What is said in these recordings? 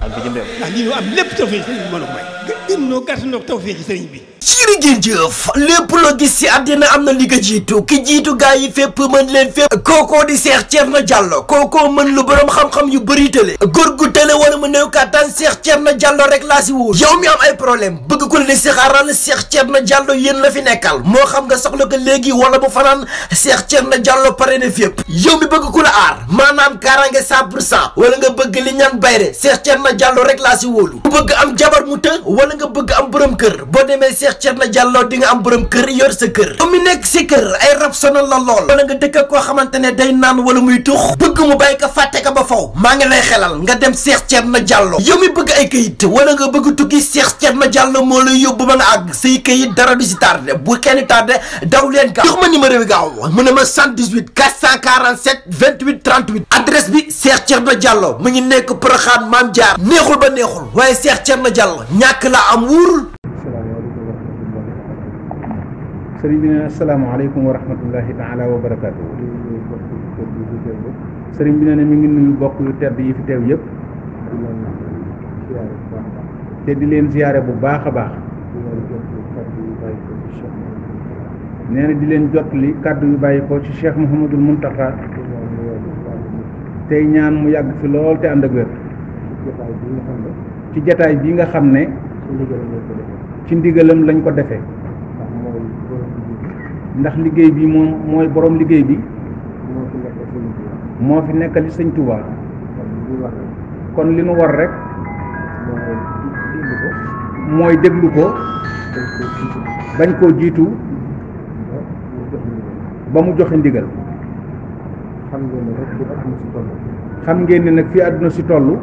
ak bitim lépp tawfeex sëriñ bi mën a may. gën noo lépp loo gis ci àddina am na li ko jiitu ki jiitu gaa yi fépp mën leen fépp kookoo di seex Thierno Diallo kookoo mën lu boroom xam-xam yu bëri tële góor gu tële wala mu néew kàttan seex na Diallo rek laa si wóor yow mi am ay problème bëgg ko leen seexaaral seex na jàllo yéen la fi nekkal moo xam nga soxla ko léegi wala bu fanaan seex na jàllo pare na fépp yow mi bëgg ku la aar maanaam kaaraange 100 pour saa wala nga bëgg li ñaan bayre seex Thierno Diallo rek laa si wóolu ku bëgg am jabar mu të wala nga bëgg am kër boo demee Cheikh Thierno Diallo di nga am borom kër yor sa kër mu nekk si kër ay rab sonal la lool wala nga dëkk koo xamante ne day naan wala muy tux bëgg mu bàyyi ka fàtte ko ba faw maa ngi lay xelal nga dem seex Cheikh na jàlloo yow mi bëgg ay kayit wala nga bëgg tukki Cheikh Thierno Diallo moo lay yóbbu ba nga àgg say kayit dara du si tardé bu kenn tardé daw leen gaaw jox ma numéro bi gaaw mu ne ma 118 447 28 38 adresse bi Cheikh Thierno Diallo mu ngi nekk Porokhane Mame Diar neexul ba neexul waaye Cheikh Thierno Diallo ñàkk la am wuur sëriñ bi nee na asalaamaaleykum wa rahmatullahi taala wa barakaatu. sëriñ bi nee na mi ngi nuyu bokk yu tedd yi fi teew yëpp. te di leen ziyaare bu baax a baax. nee na di leen jot li kàddu yu bàyyi ko ci Cheikh Mouhamadul Mountakha. tey ñaan mu yàgg fi lool te ànd ci jataay bi nga xam ne. ci ndigalam lañ ko defee. ndax liggéey bi moom mooy boroom liggéey bi moo fi nekkal li sëñ Touba kon li nu war rek mooy déglu ko bañ koo jiitu ba mu joxe ndigal xam ngeen nag fi àdduna si toll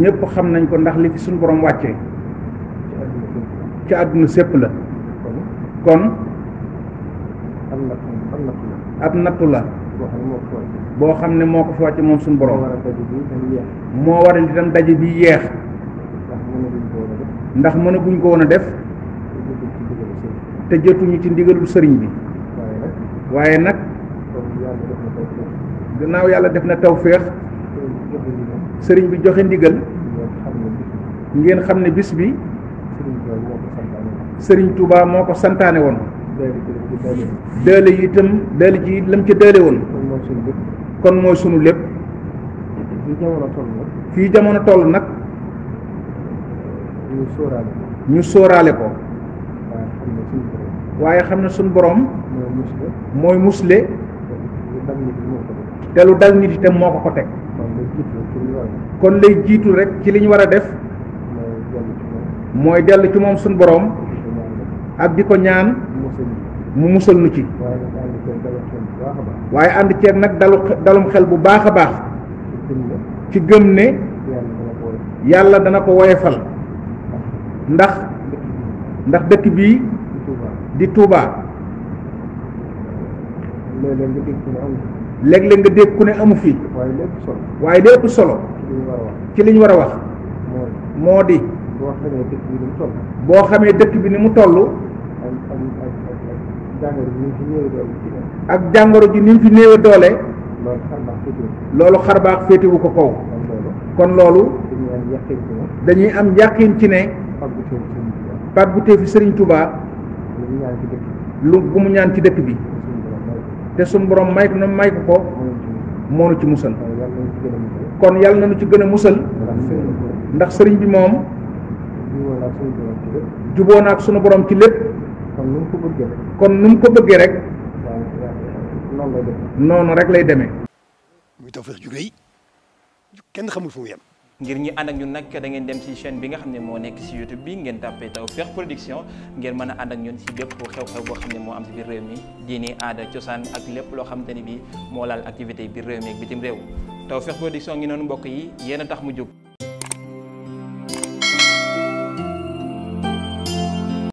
ñëpp xam nañ ko ndax li fi suñu borom wàcce ci àdduna sépp la kon ab nattu la boo xam ne moo ko focc moom suñu borom moo waral itam daje bi yeex ndax mënaguñ ko woon a def te jotuñu ci ndigalul sëriñ bi waaye nag gannaaw yàlla def na tawféex sëriñ bi joxe ndigal ngeen xam ne bis bi sëriñ Touba moo ko santaane woon dële yi itam dële ji lam ca dële woon kon mooy sunu lépp fii jamono toll nag ñu sóoraale ko waaye xam ne suñu boroom mooy musle te lu dal nit itam moo ko ko teg kon lay jiitu rek ci li ñu war a def mooy dellu ci moom suñu boroom ak di ko ñaan mu musal nu ci waaye ànd ceeg nag dalu dalum xel bu baax a baax ci gëm ne yàlla dana ko woyefal ndax ndax dëkk bii di Touba léeg-léeg nga dégg ku ne amu fi waaye li solo ci li war a wax moo di boo xamee dëkk bi ni mu toll ak jàngoro ji ni mu fi néewe doole loolu xarbaax féetewu ko kaw kon loolu dañuy am yàqin ci ne pat bu teefi sëriñ tubaa lu bu ñaan ci dëkk bi te suñu borom may ko na may ko ko moonu ci musal kon yàlla na nu ci gën a musal ndax sëriñ bi moom juboo na ak sunu borom ci lépp kon nu mu ko bëggee rek. kon nu mu ko bëggee rek. noonu lay demee. rek lay demee. muy Tawfekh ju rëy kenn xamul fu mu yem. ngir ñi ànd ak ñun nag da ngeen dem ci chaîne bi nga xam ne moo nekk ci YouTube bi ngeen tàppee Tawfekh Production ngeen mën a ànd ak ñun ci bépp xew-xew boo xam ne moo am ci biir réew mi diini aada cosaan ak lépp loo xamante ni bi moo laal activité biir réew mi bitim réew Tawfekh Production ngi noonu mbokk yi yéen tax mu jóg.